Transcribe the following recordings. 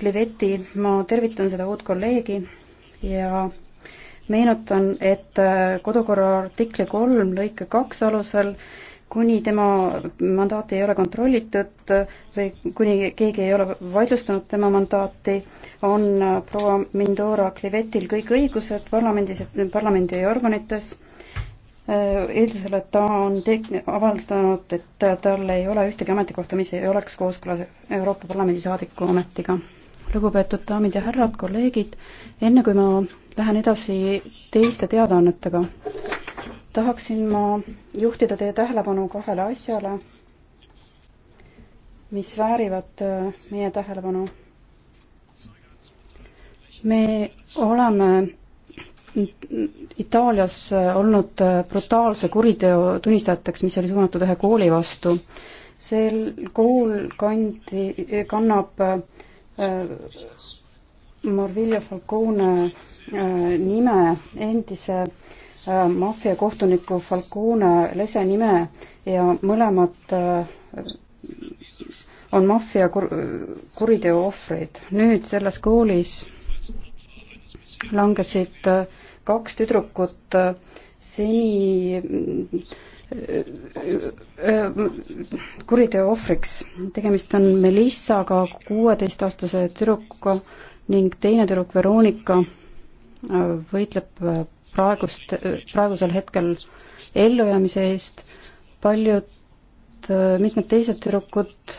Kliveti, ma tervitan seda uut kolleegi ja meenutan, et äh, kodukorra artikli kolm lõike kaks alusel kuni tema mandaati ei ole kontrollitud või kuni keegi ei ole vaidlustanud tema mandaati, on äh, proua Mindora Klivetil kõik õigused parlamendis, parlamendi organites Äh, eeldusel, et ta on teg-, avaldanud, et tal ei ole ühtegi ametikohta, mis ei oleks kooskõlas Euroopa Parlamendi saadiku ametiga. lugupeetud daamid ja härrad, kolleegid, enne kui ma lähen edasi teiste teadaannetega, tahaksin ma juhtida teie tähelepanu kahele asjale, mis väärivad äh, meie tähelepanu. me oleme Itaalias äh, olnud äh, brutaalse kuriteo tunnistajateks, mis oli suunatud ühe kooli vastu. sel kool kandi, äh, kannab äh, Marvillo Falcone äh, nime, endise äh, maffiakohtuniku Falcone lese nime ja mõlemad äh, on maffia kur kuriteo ohvreid. nüüd selles koolis langesid äh, kaks tüdrukut äh, seni äh, äh, kuriteo ohvriks. tegemist on Melissaga, kuueteistaastase tüdrukuga ning teine tüdruk, Veronika, võitleb praegust, praegusel hetkel ellujäämise eest. paljud, mitmed teised tüdrukud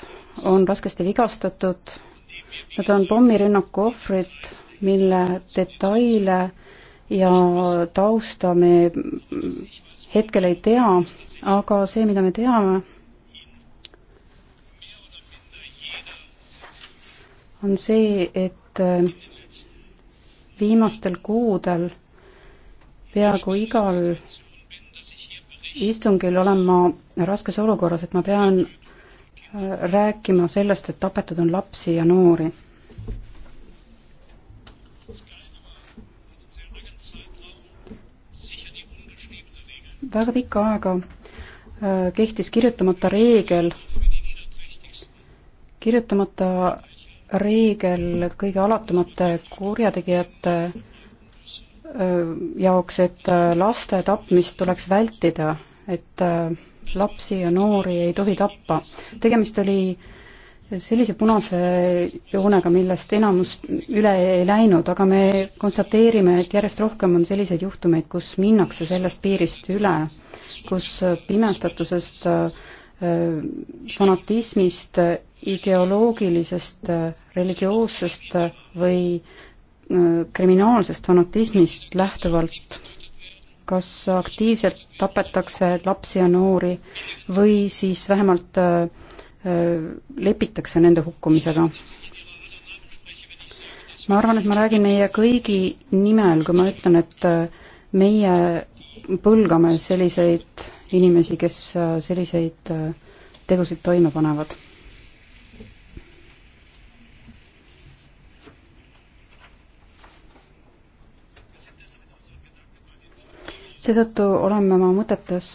on raskesti vigastatud. Nad on pommirünnaku ohvrid, mille detaile ja tausta me hetkel ei tea, aga see, mida me teame, on see, et viimastel kuudel peaaegu igal istungil olen ma raskes olukorras, et ma pean äh, rääkima sellest, et tapetud on lapsi ja noori väga pikka aega äh, kehtis kirjutamata reegel, kirjutamata reegel kõige alatumate kurjategijate äh, jaoks, et äh, laste tapmist tuleks vältida, et lapsi ja noori ei tohi tappa. tegemist oli äh, sellise punase joonega, millest enamus üle ei läinud, aga me konstateerime, et järjest rohkem on selliseid juhtumeid, kus minnakse sellest piirist üle, kus pimestatusest, äh, fanatismist, ideoloogilisest, religioossest või äh, kriminaalsest fanatismist lähtuvalt kas aktiivselt tapetakse lapsi ja noori või siis vähemalt äh, lepitakse nende hukkumisega. ma arvan, et ma räägin meie kõigi nimel, kui ma ütlen, et meie põlgame selliseid inimesi, kes selliseid tegusid toime panevad. seetõttu oleme oma mõtetes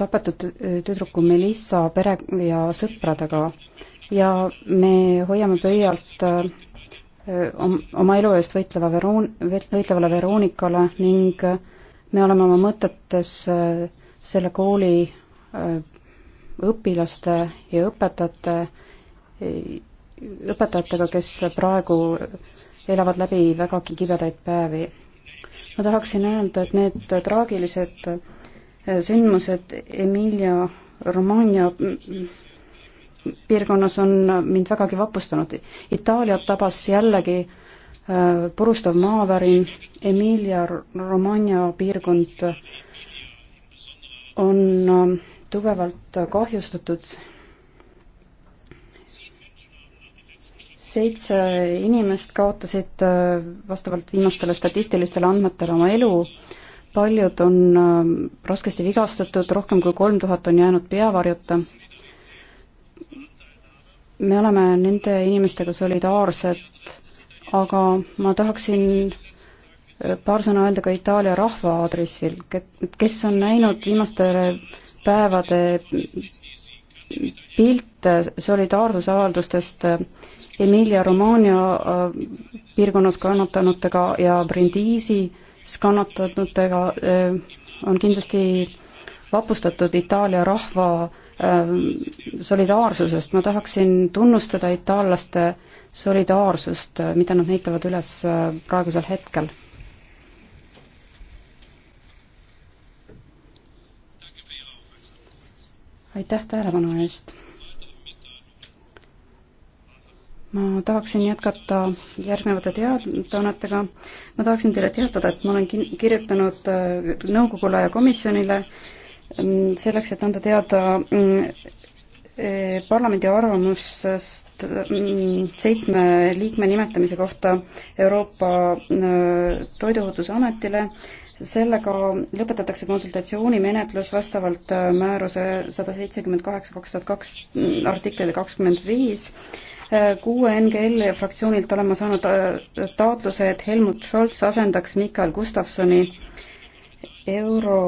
tapetud tüdruku Melissa pere ja sõpradega ja me hoiame pöialt äh, oma elu eest võitleva Veroon-, võitlevale Veronikale ning me oleme oma mõtetes äh, selle kooli äh, õpilaste ja õpetajate, õpetajatega, kes praegu elavad läbi vägagi kibedaid päevi. ma tahaksin öelda, et need traagilised sündmused Emilia Romagna piirkonnas on mind vägagi vapustanud. Itaaliat tabas jällegi äh, purustav maavärin, Emilia Romagna piirkond on äh, tugevalt kahjustatud. seitse inimest kaotasid äh, vastavalt viimastele statistilistele andmetele oma elu paljud on ähm, raskesti vigastatud, rohkem kui kolm tuhat on jäänud peavarjuta. me oleme nende inimestega solidaarsed, aga ma tahaksin äh, paar sõna öelda ka Itaalia rahva aadressil, kes on näinud viimaste päevade pilte solidaarsusavaldustest äh, Emilia-Romagna äh, piirkonnas kannatanutega ja Brindisi äh, kannatanutega äh, on kindlasti vapustatud Itaalia rahva äh, solidaarsusest, ma tahaksin tunnustada itaallaste solidaarsust, äh, mida nad näitavad üles praegusel hetkel. aitäh tähelepanu eest ma tahaksin jätkata järgnevate teadaannetega. ma tahaksin teile teatada, et ma olen kirjutanud äh, nõukogule ja komisjonile mm, selleks, et anda teada mm, äh, parlamendi arvamustest mm, seitsme liikme nimetamise kohta Euroopa Toiduohutusametile. sellega lõpetatakse konsultatsioonimenetlus vastavalt äh, määruse sada seitsekümmend kaheksa, kaks tuhat kaks artiklile kakskümmend viis kuue NGL fraktsioonilt olen ma saanud äh, taotluse, et Helmut Scholz asendaks Mikael Gustavsoni euro